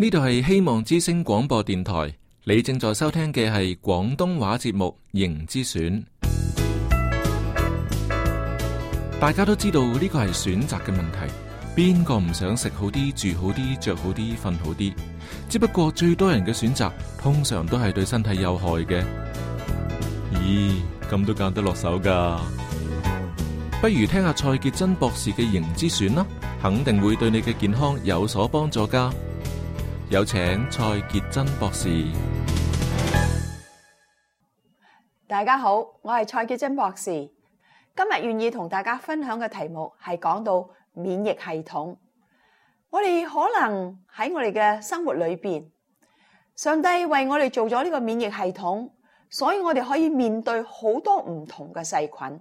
呢度係希望之聲廣播電台，你正在收聽嘅係廣東話節目《型之選》。大家都知道呢個係選擇嘅問題，邊個唔想食好啲、住好啲、着好啲、瞓好啲？只不過最多人嘅選擇通常都係對身體有害嘅。咦，咁都揀得落手噶？不如聽下蔡潔珍博士嘅《型之選》啦，肯定會對你嘅健康有所幫助噶。有請蔡潔珍博士。大家好，我係蔡潔珍博士。今日願意同大家分享嘅題目係講到免疫系統。我哋可能喺我哋嘅生活裏邊，上帝為我哋做咗呢個免疫系統，所以我哋可以面對好多唔同嘅細菌。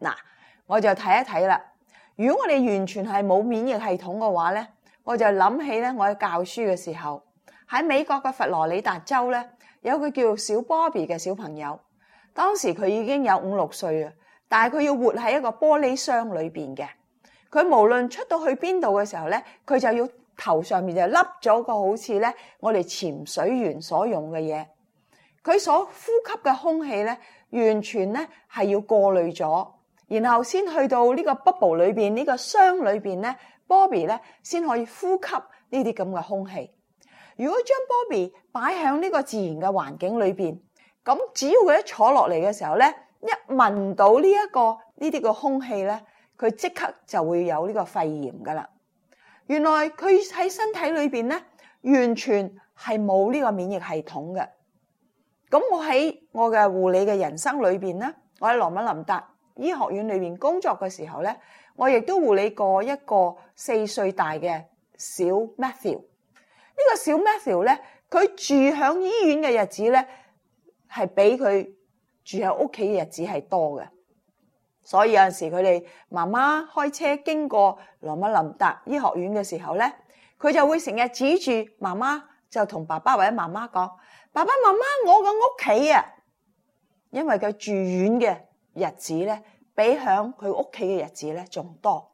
嗱，我就睇一睇啦。如果我哋完全係冇免疫系統嘅話咧？我就諗起咧，我喺教書嘅時候喺美國嘅佛羅里達州咧，有個叫小波比嘅小朋友，當時佢已經有五六歲啦，但係佢要活喺一個玻璃箱裏邊嘅，佢無論出到去邊度嘅時候咧，佢就要頭上面就笠咗個好似咧我哋潛水員所用嘅嘢，佢所呼吸嘅空氣咧，完全咧係要過濾咗，然後先去到呢個 bubble 裏邊呢、呢個箱裏邊咧。Bobby 咧先可以呼吸呢啲咁嘅空氣。如果將 Bobby 擺喺呢個自然嘅環境裏面，咁只要佢一坐落嚟嘅時候咧，一聞到、這個這個、呢一個呢啲嘅空氣咧，佢即刻就會有呢個肺炎噶啦。原來佢喺身體裏面咧，完全係冇呢個免疫系統嘅。咁我喺我嘅護理嘅人生裏面咧，我喺羅文林達醫學院裏面工作嘅時候咧。我亦都護理過一個四歲大嘅小 Matthew。呢個小 Matthew 咧，佢住響醫院嘅日子咧，係比佢住喺屋企嘅日子係多嘅。所以有陣時佢哋媽媽開車經過羅馬林達醫學院嘅時候咧，佢就會成日指住媽媽，就同爸爸或者媽媽講：爸爸媽媽，我嘅屋企啊！因為佢住院嘅日子咧，比響佢屋企嘅日子咧仲多。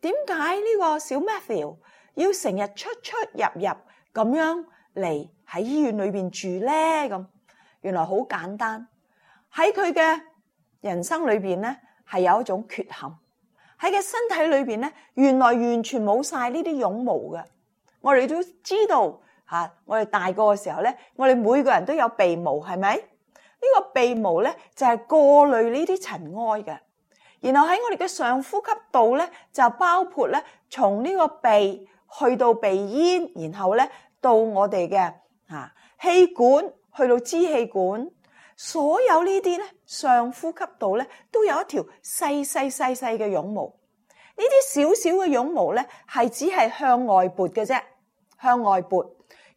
點解呢個小 Matthew 要成日出出入入咁樣嚟，喺醫院裏邊住咧？咁原來好簡單，喺佢嘅人生裏邊咧，係有一種缺陷喺佢身體裏邊咧，原來完全冇晒呢啲絨毛嘅。我哋都知道吓，我哋大個嘅時候咧，我哋每個人都有鼻毛，係咪？呢個鼻毛咧就係過濾呢啲塵埃嘅。然後喺我哋嘅上呼吸道咧，就包括咧，從呢個鼻去到鼻咽，然後咧到我哋嘅啊氣管去到支氣管，所有呢啲咧上呼吸道咧都有一條細細細細嘅絨毛。呢啲小小嘅絨毛咧，係只係向外撥嘅啫，向外撥。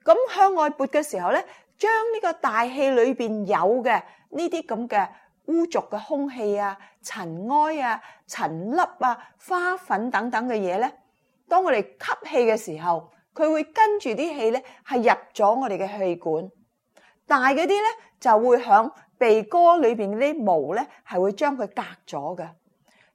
咁向外撥嘅時候咧，將呢個大氣裏邊有嘅呢啲咁嘅。污濁嘅空氣啊，塵埃啊，塵粒啊，花粉等等嘅嘢呢，當我哋吸氣的時候，佢會跟住啲氣呢，係入了我哋的氣管。大嗰啲呢，就會在鼻哥裏面啲毛呢，係會將佢隔了的。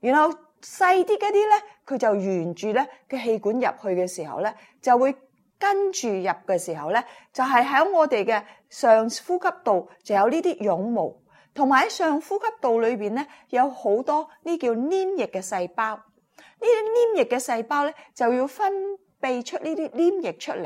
然後，細啲嗰啲呢，佢就沿住氣管進去的時候呢，就會跟住入的時候呢，就係喺我哋的上呼吸道，就有這些絨毛。同埋喺上呼吸道裏面咧，有好多呢叫黏液嘅細胞。呢啲黏液嘅細胞咧，就要分泌出呢啲黏液出嚟。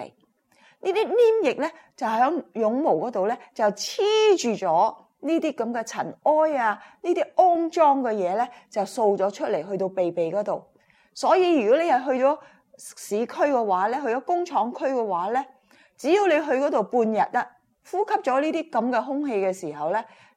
呢啲黏液咧，就喺絨毛嗰度咧，就黐住咗呢啲咁嘅塵埃啊，呢啲骯髒嘅嘢咧，就掃咗出嚟去到鼻鼻嗰度。所以如果你係去咗市區嘅話咧，去咗工廠區嘅話咧，只要你去嗰度半日啦，呼吸咗呢啲咁嘅空氣嘅時候咧。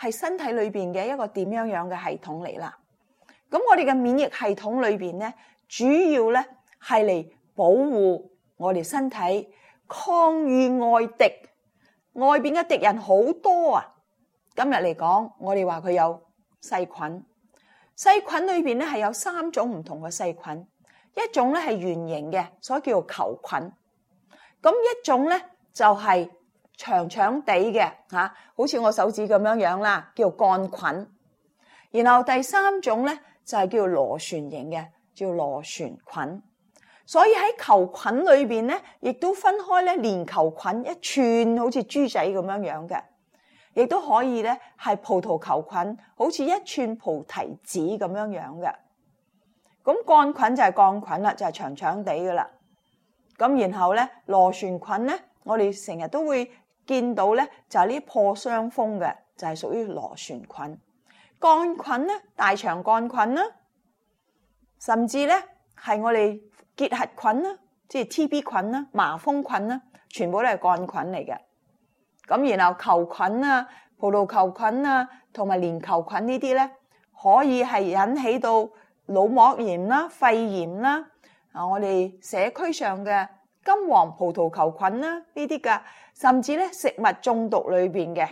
係身體裏邊嘅一個點樣樣嘅系統嚟啦。咁我哋嘅免疫系統裏邊咧，主要咧係嚟保護我哋身體，抗御外敵。外邊嘅敵人好多啊！今日嚟講，我哋話佢有細菌，細菌裏邊咧係有三種唔同嘅細菌，一種咧係圓形嘅，所以叫做球菌；咁一種咧就係。長長地嘅吓，好似我手指咁樣樣啦，叫桿菌。然後第三種咧就係、是、叫螺旋形嘅，叫螺旋菌。所以喺球菌裏邊咧，亦都分開咧，鏈球菌一串好似豬仔咁樣樣嘅，亦都可以咧係葡萄球菌，好似一串菩提子咁樣樣嘅。咁桿菌就係桿菌啦，就係、是、長長地噶啦。咁然後咧螺旋菌咧，我哋成日都會。見到咧就係呢啲破傷風嘅，就係屬於螺旋菌、桿菌咧、大腸桿菌啦，甚至咧係我哋結核菌啦，即係 TB 菌啦、麻風菌啦，全部都係桿菌嚟嘅。咁然後球菌啊、葡萄球菌啊，同埋鏈球菌呢啲咧，可以係引起到腦膜炎啦、肺炎啦。啊，我哋社區上嘅金黃葡萄球菌啦，呢啲㗎。甚至呢，食物中毒裡邊嘅。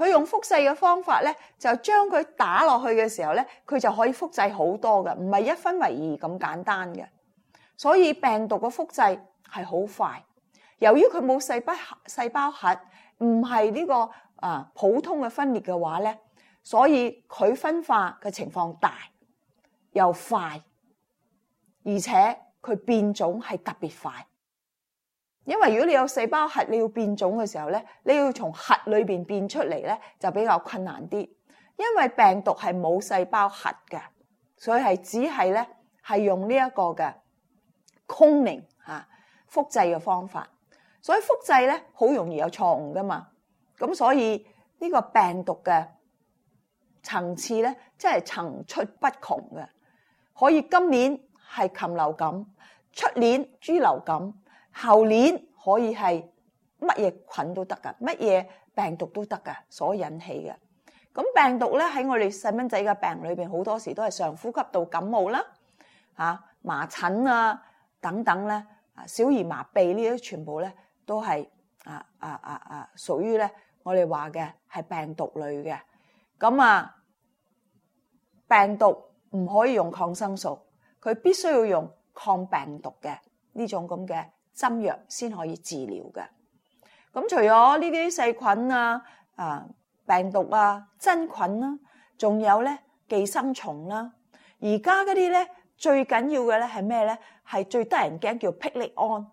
佢用複製嘅方法咧，就將佢打落去嘅時候咧，佢就可以複製好多嘅，唔係一分為二咁簡單嘅。所以病毒嘅複製係好快，由於佢冇細細胞核，唔係呢個啊普通嘅分裂嘅話咧，所以佢分化嘅情況大又快，而且佢變種係特別快。因為如果你有細胞核，你要變種嘅時候咧，你要從核裏邊變出嚟咧，就比較困難啲。因為病毒係冇細胞核嘅，所以係只係咧係用呢一個嘅空靈吓複製嘅方法，所以複製咧好容易有錯誤噶嘛。咁所以呢個病毒嘅層次咧，真係層出不窮嘅。可以今年係禽流感，出年豬流感。後年可以係乜嘢菌都得㗎，乜嘢病毒都得㗎所引起嘅。咁病毒咧，喺我哋細蚊仔嘅病裏邊好多時都係上呼吸道感冒啦，嚇麻疹啊等等咧，小兒麻痹呢啲全部咧都係啊啊啊啊屬於咧我哋話嘅係病毒類嘅。咁啊病毒唔可以用抗生素，佢必須要用抗病毒嘅呢種咁嘅。針藥先可以治療嘅。咁除咗呢啲細菌啊、啊病毒啊、真菌啦、啊，仲有咧寄生蟲啦、啊。而家嗰啲咧最緊要嘅咧係咩咧？係最得人驚叫霹靂胺。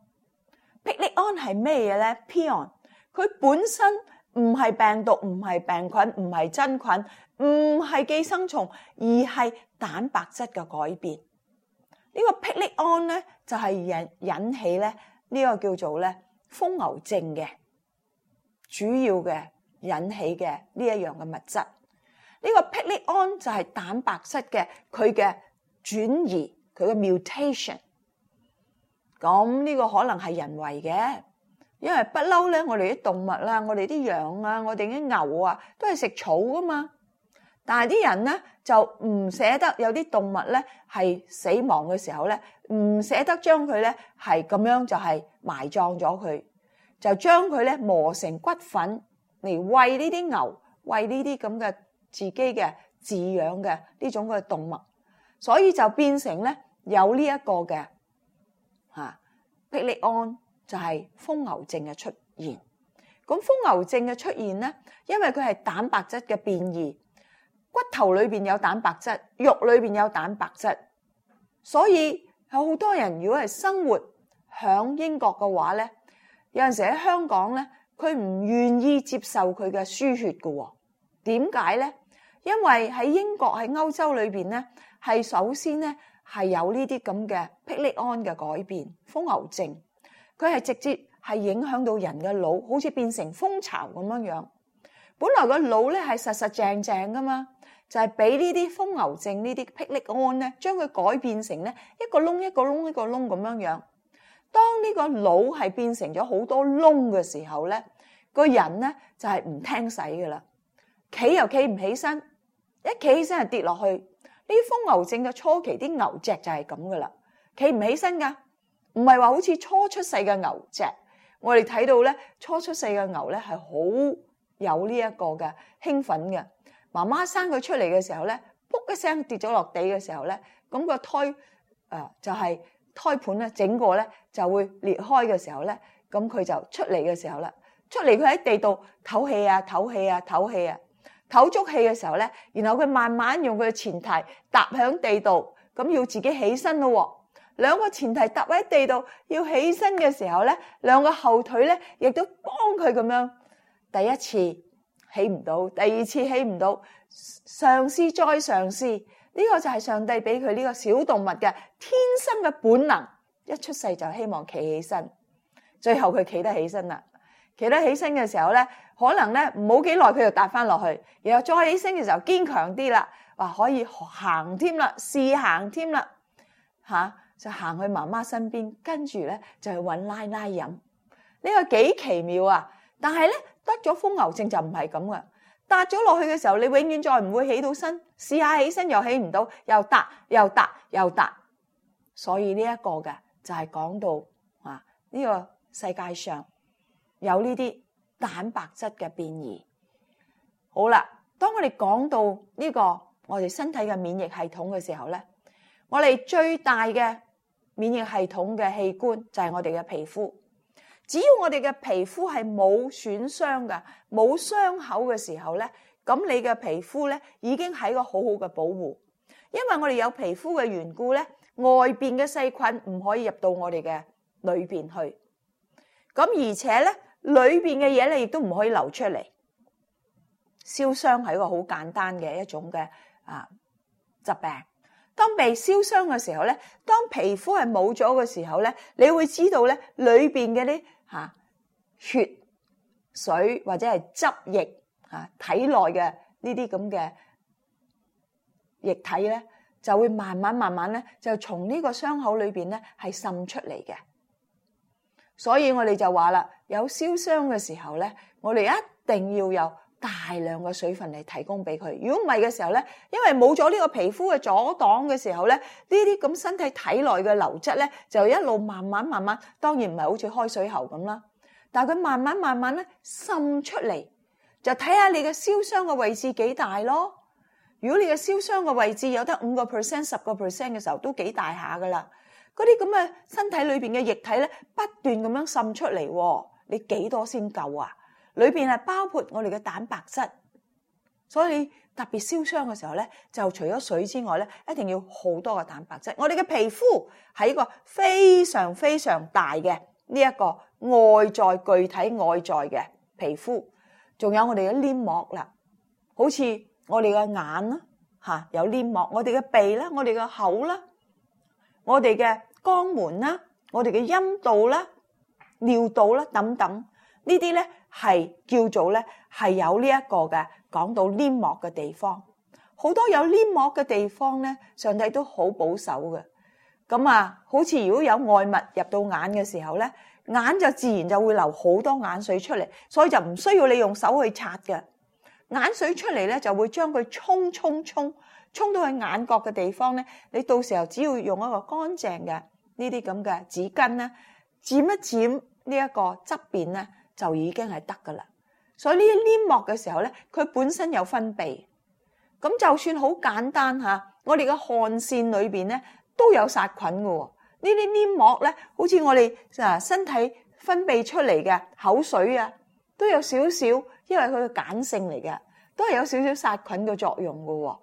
霹靂胺係咩嘢咧？Prion 佢本身唔係病毒，唔係病菌，唔係真菌，唔係寄生蟲，而係蛋白質嘅改變。這個、呢個霹靂胺咧就係、是、引引起咧。呢、這個叫做咧瘋牛症嘅主要嘅引起嘅呢一樣嘅物質，呢、這個朊 o n 就係蛋白質嘅佢嘅轉移佢嘅 mutation。咁呢、這個可能係人為嘅，因為不嬲咧，我哋啲動物啦，我哋啲羊啊，我哋啲牛啊，都係食草噶嘛。但係啲人咧就唔捨得，有啲動物咧係死亡嘅時候咧，唔捨得將佢咧係咁樣就係埋葬咗佢，就將佢咧磨成骨粉嚟餵呢啲牛，餵呢啲咁嘅自己嘅飼養嘅呢種嘅動物，所以就變成咧有呢一個嘅嚇，朊粒安就係瘋牛症嘅出現。咁瘋牛症嘅出現咧，因為佢係蛋白質嘅變異。骨頭裏邊有蛋白質，肉裏邊有蛋白質，所以有好多人如果係生活響英國嘅話咧，有陣時喺香港咧，佢唔願意接受佢嘅輸血嘅。點解咧？因為喺英國喺歐洲裏邊咧，係首先咧係有呢啲咁嘅匹力安嘅改變，瘋牛症，佢係直接係影響到人嘅腦，好似變成蜂巢咁樣樣。.本來個腦咧係實實淨淨噶嘛，就係俾呢啲瘋牛症呢啲霹靂安咧，將佢改變成咧一個窿一個窿一個窿咁樣樣。當呢個腦係變成咗好多窿嘅時候咧，個人咧就係唔聽使噶啦，企又企唔起身，一企起身就跌落去。呢啲瘋牛症嘅初期，啲牛隻就係咁噶啦，企唔起身噶，唔係話好似初出世嘅牛隻。我哋睇到咧，初出世嘅牛咧係好。有呢一個嘅興奮嘅，媽媽生佢出嚟嘅時候咧，卜一聲跌咗落地嘅時候咧，咁個胎誒就係胎盤咧整個咧就會裂開嘅時候咧，咁佢就出嚟嘅時候咧，出嚟佢喺地度唞氣啊唞氣啊唞氣啊唞足氣嘅時候咧，然後佢慢慢用佢嘅前蹄踏響地度，咁要自己起身咯，兩個前蹄踏喺地度要起身嘅時候咧，兩個後腿咧亦都幫佢咁樣。第一次起唔到，第二次起唔到，嘗試再嘗試，呢個就係上帝俾佢呢個小動物嘅天生嘅本能，一出世就希望企起身。最後佢企得起身啦，企得起身嘅時候咧，可能咧冇幾耐佢就跌翻落去，然後再起身嘅時候堅強啲啦，話可以行添啦，試行添啦，吓就行去媽媽身邊，跟住咧就去搵奶奶飲，呢個幾奇妙啊！但係咧。得咗瘋牛症就唔係咁嘅。跌咗落去嘅時候，你永遠再唔會起到身，試下起身又起唔到，又跌又跌又跌，所以呢一個嘅就係講到啊呢個世界上有呢啲蛋白質嘅變異。好啦，當我哋講到呢個我哋身體嘅免疫系統嘅時候咧，我哋最大嘅免疫系統嘅器官就係我哋嘅皮膚。只要我哋嘅皮膚係冇損傷㗎，冇傷口嘅時候咧，咁你嘅皮膚咧已經係一個好好嘅保護，因為我哋有皮膚嘅緣故咧，外邊嘅細菌唔可以入到我哋嘅裏邊去。咁而且咧，裏邊嘅嘢咧亦都唔可以流出嚟。燒傷係一個好簡單嘅一種嘅啊疾病。當被燒傷嘅時候咧，當皮膚係冇咗嘅時候咧，你會知道咧裏邊嘅啲。吓、啊，血水或者係汁液，吓、啊、體內嘅呢啲咁嘅液體咧，就會慢慢慢慢咧，就從呢個傷口裏邊咧係滲出嚟嘅。所以我哋就話啦，有燒傷嘅時候咧，我哋一定要有。大量嘅水分嚟提供俾佢，如果唔係嘅時候呢，因為冇咗呢個皮膚嘅阻擋嘅時候呢，呢啲咁身體體內嘅流質呢，就一路慢慢慢慢，當然唔係好似開水喉咁啦，但係佢慢慢慢慢咧滲出嚟，就睇下你嘅燒傷嘅位置幾大咯。如果你嘅燒傷嘅位置有得五個 percent、十個 percent 嘅時候，都幾大下噶啦。嗰啲咁嘅身體裏邊嘅液體呢，不斷咁樣滲出嚟，你幾多先夠啊？裏邊係包括我哋嘅蛋白質，所以特別燒傷嘅時候咧，就除咗水之外咧，一定要好多嘅蛋白質。我哋嘅皮膚係一個非常非常大嘅呢一個外在具體外在嘅皮膚，仲有我哋嘅黏膜啦，好似我哋嘅眼啦，吓有黏膜；我哋嘅鼻啦，我哋嘅口啦，我哋嘅肛門啦，我哋嘅陰道啦、尿道啦等等，等，呢啲咧。係叫做咧，係有呢一個嘅講到黏膜嘅地方，好多有黏膜嘅地方咧，上帝都好保守嘅。咁啊，好似如果有外物入到眼嘅時候咧，眼就自然就會流好多眼水出嚟，所以就唔需要你用手去擦嘅。眼水出嚟咧，就會將佢沖沖沖沖到去眼角嘅地方咧。你到時候只要用一個乾淨嘅呢啲咁嘅紙巾咧，剪一剪呢一個側邊咧。就已經係得噶啦，所以呢啲黏膜嘅時候咧，佢本身有分泌，咁就算好簡單吓，我哋嘅汗腺裏邊咧都有殺菌㗎。呢啲黏膜咧，好似我哋啊身體分泌出嚟嘅口水啊，都有少少，因為佢嘅鹼性嚟嘅，都係有少少殺菌嘅作用㗎。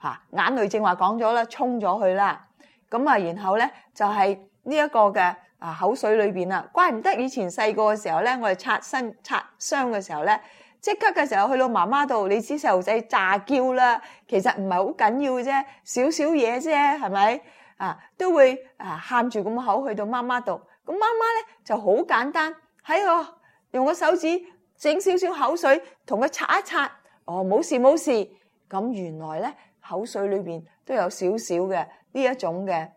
吓、啊，眼淚正話講咗啦，沖咗去啦，咁啊，然後咧就係呢一個嘅。啊！口水裏邊啊，怪唔得以前細個嘅時候咧，我哋擦身擦傷嘅時候咧，即刻嘅時候去到媽媽度，你知細路仔詐嬌啦，其實唔係好緊要嘅啫，少少嘢啫，係咪？啊，都會啊，喊住咁口去到媽媽度，咁媽媽咧就好簡單，喺個用個手指整少少口水同佢擦一擦，哦，冇事冇事，咁原來咧口水裏邊都有少少嘅呢一種嘅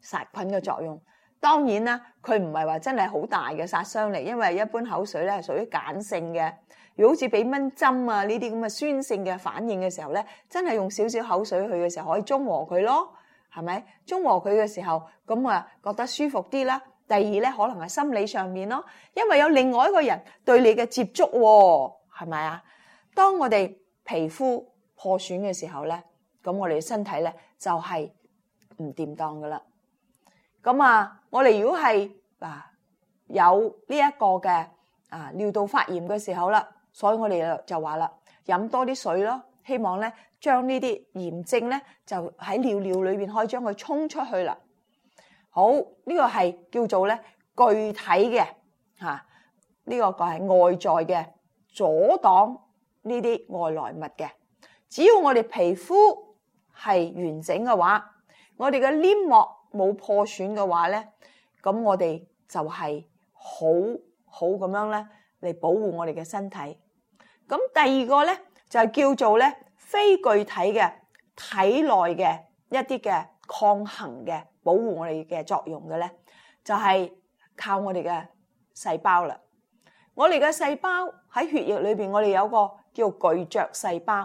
殺菌嘅作用。當然啦，佢唔係話真係好大嘅殺傷力，因為一般口水咧係屬於鹼性嘅。如果好似俾蚊針啊呢啲咁嘅酸性嘅反應嘅時候咧，真係用少少口水去嘅時候可以中和佢咯，係咪？中和佢嘅時候，咁啊覺得舒服啲啦。第二咧，可能係心理上面咯，因為有另外一個人對你嘅接觸喎，係咪啊？當我哋皮膚破損嘅時候咧，咁我哋身體咧就係唔掂當噶啦。咁啊，我哋如果係嗱有呢一個嘅啊尿道發炎嘅時候啦，所以我哋就話啦，飲多啲水咯，希望咧將呢啲炎症咧就喺尿尿裏邊可以將佢沖出去啦。好，呢個係叫做咧具體嘅嚇，呢個個係外在嘅阻擋呢啲外來物嘅。只要我哋皮膚係完整嘅話，我哋嘅黏膜。冇破損嘅話咧，咁我哋就係好好咁樣咧嚟保護我哋嘅身體。咁第二個咧就係叫做咧非具體嘅體內嘅一啲嘅抗衡嘅保護我哋嘅作用嘅咧，就係靠我哋嘅細胞啦。我哋嘅細胞喺血液裏邊，我哋有個叫巨噬細胞。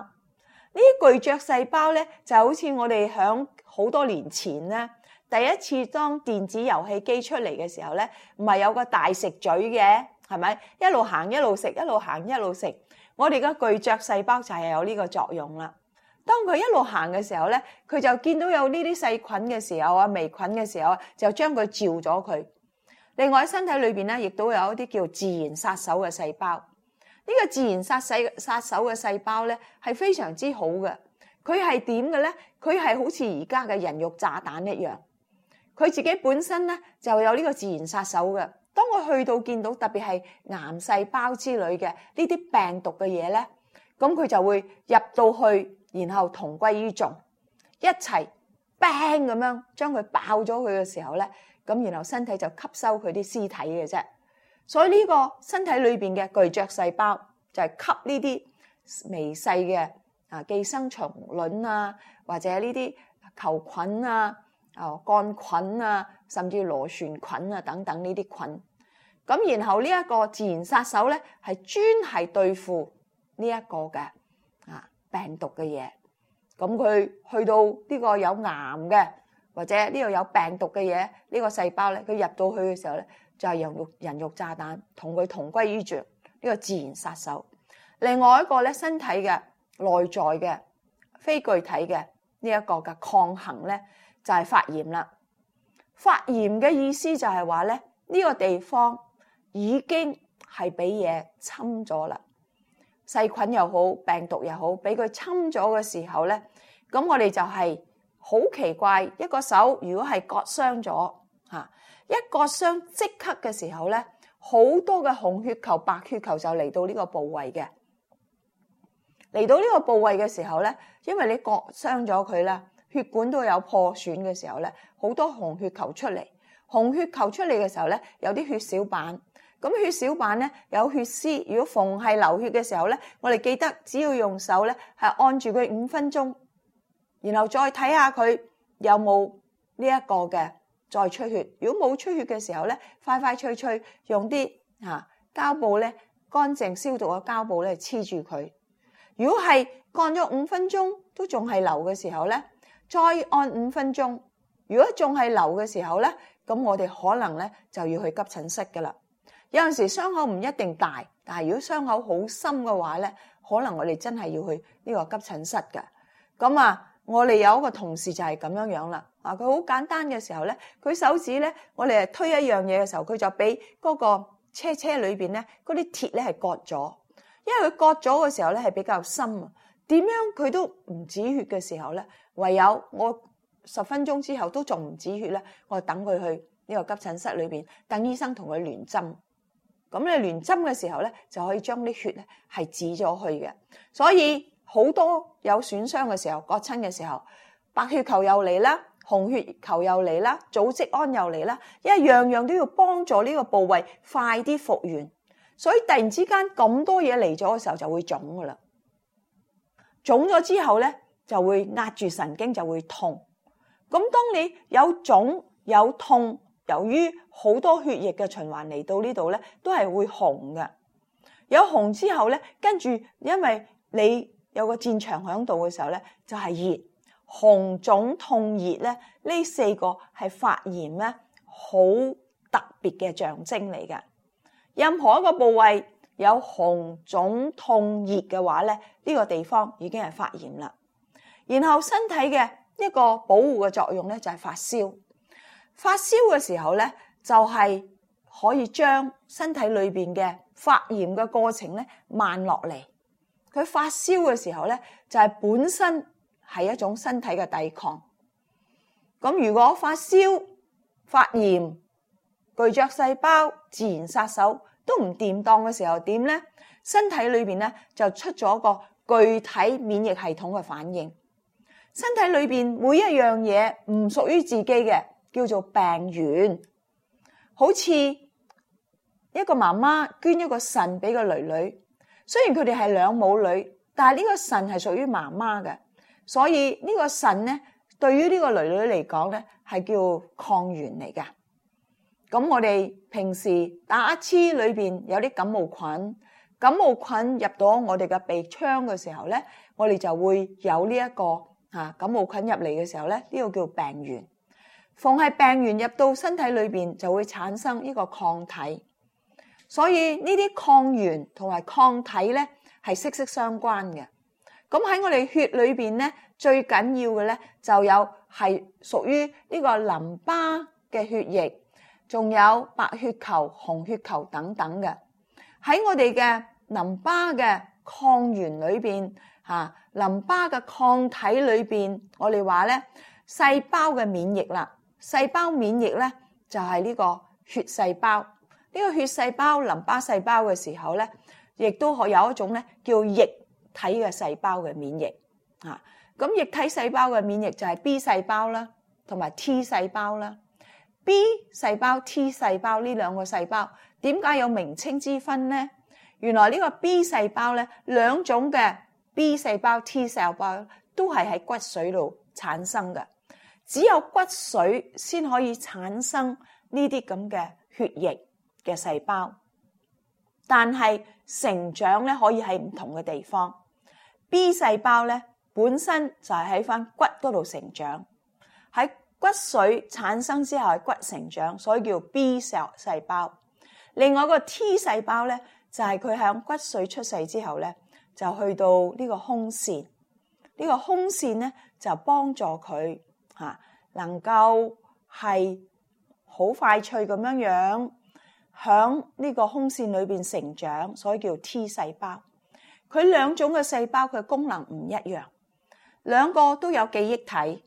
呢啲巨噬細胞咧就好似我哋響好多年前咧。第一次當電子遊戲機出嚟嘅時候咧，唔係有個大食嘴嘅，係咪一路行一路食，一路行一路食？我哋嘅巨噬細胞就係有呢個作用啦。當佢一路行嘅時候咧，佢就見到有呢啲細菌嘅時候啊，微菌嘅時候啊，就將佢照咗佢。另外喺身體裏面咧，亦都有一啲叫自然殺手嘅細胞。呢、這個自然殺細殺手嘅細胞咧係非常之好嘅。佢係點嘅咧？佢係好似而家嘅人肉炸彈一樣。佢自己本身咧就有呢個自然殺手嘅，當我去到見到特別係癌細胞之類嘅呢啲病毒嘅嘢咧，咁佢就會入到去，然後同歸於盡，一齊 bang 咁樣將佢爆咗佢嘅時候咧，咁然後身體就吸收佢啲屍體嘅啫。所以呢個身體裏邊嘅巨噬細胞就係吸呢啲微細嘅啊寄生蟲卵啊或者呢啲球菌啊。啊、哦，桿菌啊，甚至螺旋菌啊等等呢啲菌，咁然後呢一個自然殺手咧，係專係對付呢一個嘅啊病毒嘅嘢。咁佢去到呢個有癌嘅，或者呢個有病毒嘅嘢，這個，呢個細胞咧，佢入到去嘅時候咧，就係人肉人肉炸彈，同佢同歸於盡。呢，這個自然殺手，另外一個咧，身體嘅內在嘅非具體嘅呢一個嘅抗衡咧，就係發炎啦，發炎嘅意思就係話咧，呢個地方已經係俾嘢侵咗啦，細菌又好，病毒又好，俾佢侵咗嘅時候咧，咁我哋就係好奇怪，一個手如果係割傷咗，吓，一割傷即刻嘅時候咧，好多嘅紅血球、白血球就嚟到呢個部位嘅，嚟到呢個部位嘅時候咧，因為你割傷咗佢啦。血管都有破損嘅時候咧，好多紅血球出嚟。紅血球出嚟嘅時候咧，有啲血小板。咁血小板咧，有血絲。如果逢係流血嘅時候咧，我哋記得只要用手咧係按住佢五分鐘，然後再睇下佢有冇呢一個嘅再出血。如果冇出血嘅時候咧，快快脆脆，用啲嚇膠布咧，乾淨消毒嘅膠布咧黐住佢。如果係幹咗五分鐘都仲係流嘅時候咧，再按五分鐘，如果仲係流嘅時候咧，咁我哋可能咧就要去急診室㗎喇。有陣時傷口唔一定大，但係如果傷口好深嘅話咧，可能我哋真係要去呢個急診室嘅。咁啊，我哋有一個同事就係咁樣樣啦。啊，佢好簡單嘅時候咧，佢手指咧，我哋係推一樣嘢嘅時候，佢就俾嗰個車車裏邊咧嗰啲鐵咧係割咗，因為佢割咗嘅時候咧係比較深啊。點樣佢都唔止血嘅時候咧，唯有我十分鐘之後都仲唔止血咧，我等佢去呢個急診室裏邊，等醫生同佢聯針。咁你聯針嘅時候咧，就可以將啲血咧係止咗去嘅。所以好多有損傷嘅時候、割親嘅時候，白血球又嚟啦，紅血球又嚟啦，組織胺又嚟啦，因為樣樣都要幫助呢個部位快啲復原。所以突然之間咁多嘢嚟咗嘅時候，就會腫噶啦。腫咗之後咧，就會壓住神經，就會痛。咁當你有腫有痛，由於好多血液嘅循環嚟到呢度咧，都係會紅嘅。有紅之後咧，跟住因為你有個戰場響度嘅時候咧，就係、是、熱、紅、腫、痛、熱咧，呢四個係發炎咧好特別嘅象徵嚟嘅。任何一個部位。有紅腫痛熱嘅話咧，呢個地方已經係發炎啦。然後身體嘅一個保護嘅作用咧，就係發燒。發燒嘅時候咧，就係可以將身體裏邊嘅發炎嘅過程咧慢落嚟。佢發燒嘅時候咧，就係本身係一種身體嘅抵抗。咁如果發燒發炎，巨噬細胞、自然殺手。都唔掂當嘅時候，點呢？身體裏邊咧就出咗個具體免疫系統嘅反應。身體裏邊每一樣嘢唔屬於自己嘅，叫做病原。好似一個媽媽捐一個腎俾個女女，雖然佢哋係兩母女，但係呢個腎係屬於媽媽嘅，所以呢個腎咧對於呢個女女嚟講咧係叫抗原嚟㗎。咁我哋平時打乞嗤裏邊有啲感冒菌，感冒菌入到我哋嘅鼻腔嘅時候咧，我哋就會有呢一個嚇感冒菌入嚟嘅時候咧，呢個叫病原。逢係病原入到身體裏邊，就會產生呢個抗體。所以呢啲抗原同埋抗體咧係息息相關嘅。咁喺我哋血裏邊咧，最緊要嘅咧就有係屬於呢個淋巴嘅血液。仲有白血球、紅血球等等嘅，喺我哋嘅淋巴嘅抗原裏邊，吓，淋巴嘅抗體裏邊，我哋話咧細胞嘅免疫啦，細胞免疫咧就係、是、呢個血細胞，呢、這個血細胞淋巴細胞嘅時候咧，亦都可有一種咧叫液體嘅細胞嘅免疫，吓、啊、咁液體細胞嘅免疫就係 B 細胞啦，同埋 T 細胞啦。B 細胞、T 細胞呢兩個細胞點解有名稱之分呢？原來呢個 B 細胞咧，兩種嘅 B 細胞、T 細胞都係喺骨髓度產生嘅，只有骨髓先可以產生呢啲咁嘅血液嘅細胞。但係成長咧可以喺唔同嘅地方，B 細胞咧本身就係喺翻骨嗰度成長喺。在骨髓產生之後係骨成長，所以叫 B 細胞。另外個 T 細胞咧，就係佢響骨髓出世之後咧，就去到呢個胸腺，呢個胸腺咧，就幫助佢吓能夠係好快脆咁樣樣響呢個胸腺裏邊成長，所以叫 T 細胞。佢兩種嘅細胞嘅功能唔一樣，兩個都有記憶體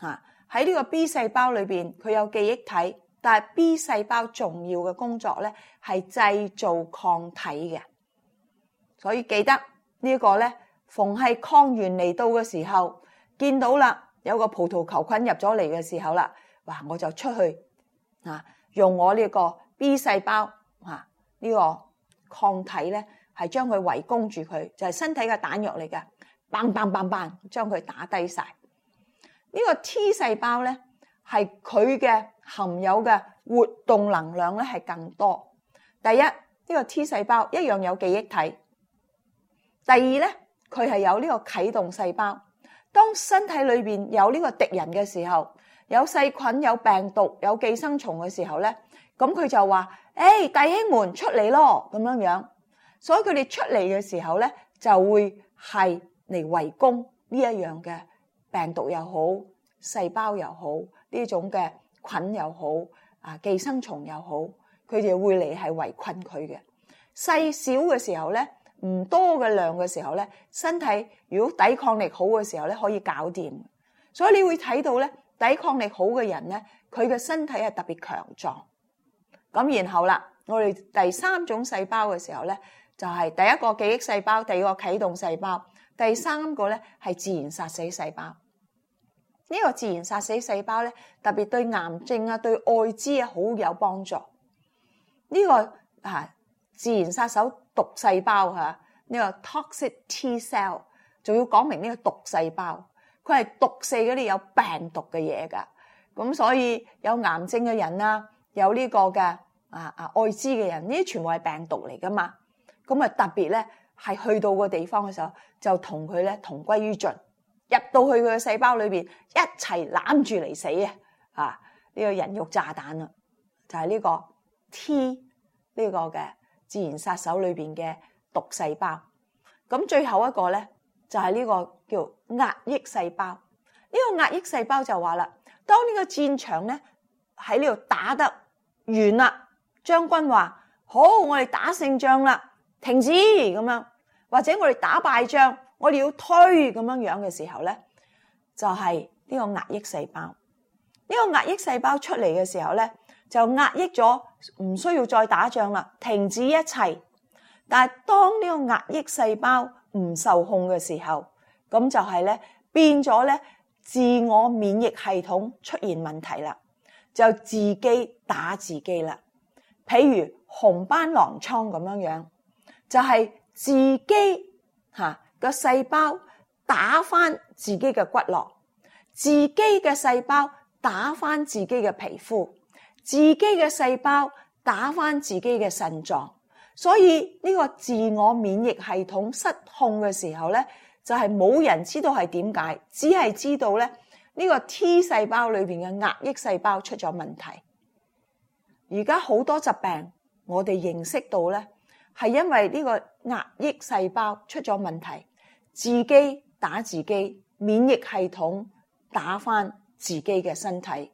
吓。喺呢個 B 細胞裏邊，佢有記憶體，但係 B 細胞重要嘅工作咧係製造抗體嘅，所以記得、呢個、呢個咧，逢係抗原嚟到嘅時候，見到啦有個葡萄球菌入咗嚟嘅時候啦，哇我就出去啊，用我呢個 B 細胞啊呢、呢個抗體咧，係將佢圍攻住佢，就係、係、身體嘅彈藥嚟嘅，bang bang bang bang，將佢打低晒。呢個 T 細胞咧，係佢嘅含有嘅活動能量咧係更多。第一，呢個 T 細胞一樣有記憶體。第二咧，佢係有呢個啟動細胞。當身體裏邊有呢個敵人嘅時候，有細菌、有病毒、有寄生蟲嘅時候咧，咁佢就話：誒，弟兄們出嚟咯，咁樣樣。所以佢哋出嚟嘅時候咧，就會係嚟圍攻呢一樣嘅。病毒又好，細胞又好，呢種嘅菌又好，啊，寄生蟲又好，佢哋會嚟係圍困佢嘅。細小嘅時候咧，唔多嘅量嘅時候咧，身體如果抵抗力好嘅時候咧，可以搞掂。所以你會睇到咧，抵抗力好嘅人咧，佢嘅身體係特別強壯。咁然後啦，我哋第三種細胞嘅時候咧，就係第一個記憶細胞，第二個啟動細胞。第三個咧係自然殺死細胞，呢個自然殺死細胞咧特別對癌症啊、對愛滋啊好有幫助。呢個啊自然殺手毒細胞嚇呢個 toxic T cell，仲要講明呢個毒細胞，佢係毒死嗰啲有病毒嘅嘢噶。咁所以有癌症嘅人啦，有呢個嘅啊啊愛滋嘅人，呢啲全部係病毒嚟噶嘛。咁啊特別咧。係去到個地方嘅時候，就同佢咧同歸於盡，入到去佢嘅細胞裏邊，一齊攬住嚟死啊！呢個人肉炸彈啦，就係呢個 T 呢個嘅自然殺手裏邊嘅毒細胞。咁最後一個咧，就係呢個叫壓抑細胞。呢個壓抑細胞就話啦，當呢個戰場咧喺呢度打得完啦，將軍話好，我哋打勝仗啦。停止咁樣，或者我哋打敗仗，我哋要推咁樣樣嘅時候咧，就係呢個壓抑細胞。呢個壓抑細胞出嚟嘅時候咧，就壓抑咗唔需要再打仗啦，停止一切。但係當呢個壓抑細胞唔受控嘅時候，咁就係咧變咗咧自我免疫系統出現問題啦，就自己打自己啦。譬如紅斑狼瘡咁樣樣。就係、是、自己吓個細胞打返自己嘅骨骼，自己嘅細胞打返自己嘅皮膚，自己嘅細胞打返自己嘅腎臟。所以呢個自我免疫系統失控嘅時候咧，就係冇人知道係點解，只係知道咧呢個 T 細胞裏邊嘅壓抑細胞出咗問題。而家好多疾病，我哋認識到咧。係因為呢個壓抑細胞出咗問題，自己打自己，免疫系統打返自己嘅身體。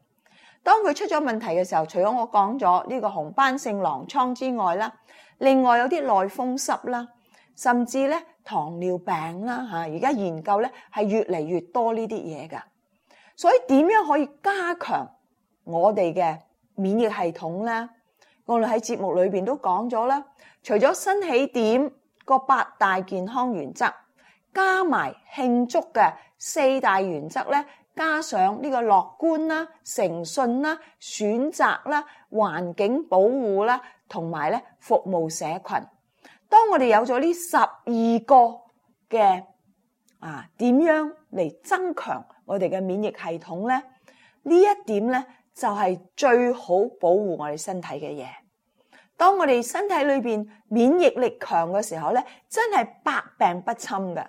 當佢出咗問題嘅時候，除咗我講咗呢個紅斑性狼瘡之外啦，另外有啲內風濕啦，甚至咧糖尿病啦，而家研究咧係越嚟越多呢啲嘢㗎。所以點樣可以加強我哋嘅免疫系統咧？我哋喺節目裏邊都講咗啦，除咗新起點個八大健康原則，加埋慶祝嘅四大原則咧，加上呢個樂觀啦、誠信啦、選擇啦、環境保護啦，同埋咧服務社群。當我哋有咗呢十二個嘅啊，點樣嚟增強我哋嘅免疫系統咧？呢一點咧？就係最好保護我哋身體嘅嘢。當我哋身體裏面免疫力強嘅時候咧，真係百病不侵噶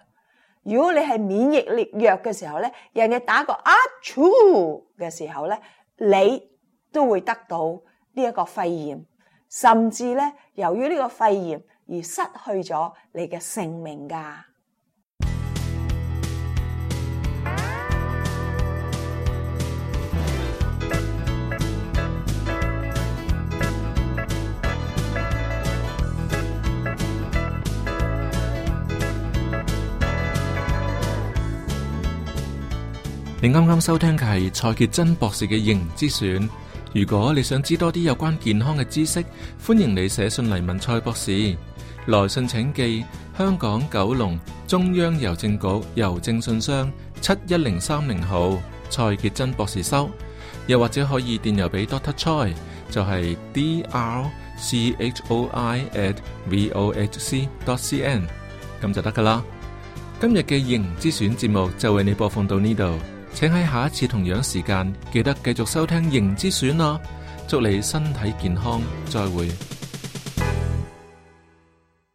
如果你係免疫力弱嘅時候咧，人哋打個阿楚嘅時候咧，你都會得到呢一個肺炎，甚至咧由於呢個肺炎而失去咗你嘅性命噶。你啱啱收聽嘅係蔡杰真博士嘅《營之選》。如果你想知多啲有關健康嘅知識，歡迎你寫信嚟問蔡博士。來信請寄香港九龍中央郵政局郵政信箱七一零三零號，蔡杰真博士收。又或者可以電郵俾 Dr. Choi，就係 d r c h o i at v o h c dot c n，請喺下一次同樣時間記得繼續收聽《形之選》咯！祝你身體健康，再會。